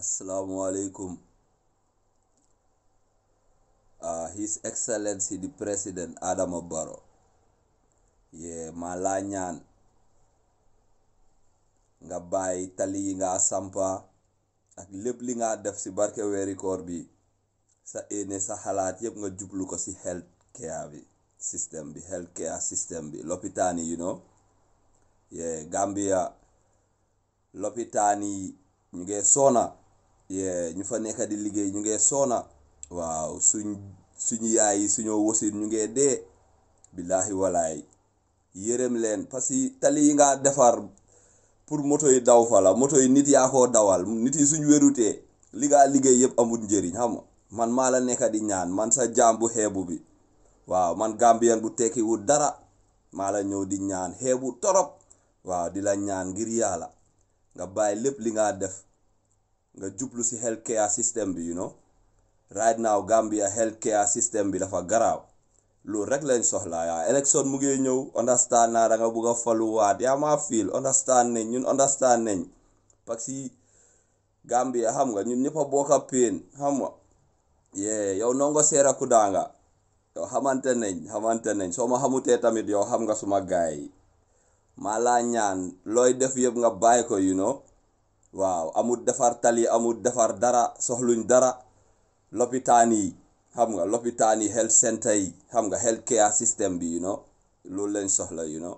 asalaamualeykum uh, ah, his excellency di president adama barrow ye ma laa ñaan nga bàyyi tali yi nga sampa ak lépp li nga def ci barke weeri bi sa éene sa xalaat yépp nga jublu ko ci health care bi system bi health care system bi lopitaan yi you know ye Gambia lopitaan ñu ngee soona yee ñu fa nekk di liggéey ñu ngee soona waaw suñ suñu yaay yi suñoo wasin ñu ngee dee billaahi walaay yërëm leen parce que tali yi nga defar pour moto yi daw fa moto yi nit yaa ko dawal nit yi suñ wérutee li nga liggéey yëpp amul njëriñ xam man maa la nekk di ñaan man sa jaam bu xeebu bi waaw man gambien bu tekkiwul dara maa la ñëw di ñaan xeebu torop waaw di la ñaan ngir yàlla nga lépp li nga def nga jublu si health care system bi you know right now Gambia health care system bi dafa garaaw loolu rek lañ soxlaa yaa élection mu ngee ñëw understand naa da nga bugg a faluwaat yaa maa fiil understand nañ ñun understand nañ parce que Gambia xam nga ñun ñëpp a bokk a peen xam yee yow nongo seera ku daanga yow xamante nañ xamante nañ soo ma xamutee tamit yow xam nga suma gaay yi maa laa ñaan looy def yëpp nga bàyyi ko you know waaw amul defar tali amul defar dara soxluñ dara lopitaan yi xam nga lopitaan yi health center yi xam nga health care system bi you know loolu lañ soxla you know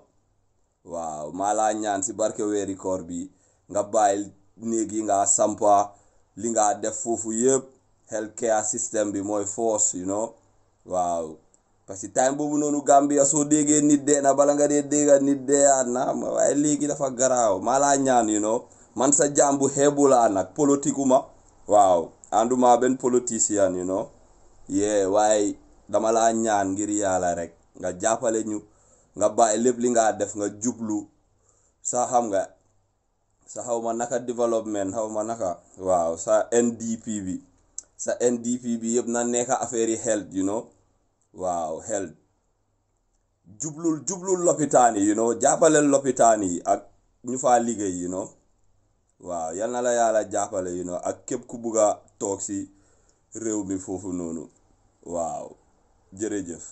waaw maa laa ñaan si barke weeri koor bi nga bàyyi néeg yi nga sampa li nga def foofu yëpp health care system bi mooy force you know waaw parce que time boobu noonu Gambia soo déggee nit de na bala nga dee dégga nit deeyaat na waaye léegi dafa garaaw maa laa ñaan you know man sa jaam bu xeebu laa nag politique ma waaw ànduma benn politicien you know yee waaye dama laa ñaan ngir yàlla rek nga jàppale ñu nga bàyyi lépp li nga def nga jublu sa xam nga sa xaw ma naka développement xaw ma naka waaw sa NDP bi sa NDP bi yëpp na nekk affaire yi health you know waaw health jublul jublul lopitaan yi noo jàppale lopitaan yi ak ñu faa liggéey you know waaw yal na la yàlla jàppale you know ak képp ku bugg a toog si réew mi foofu noonu waaw jërëjëf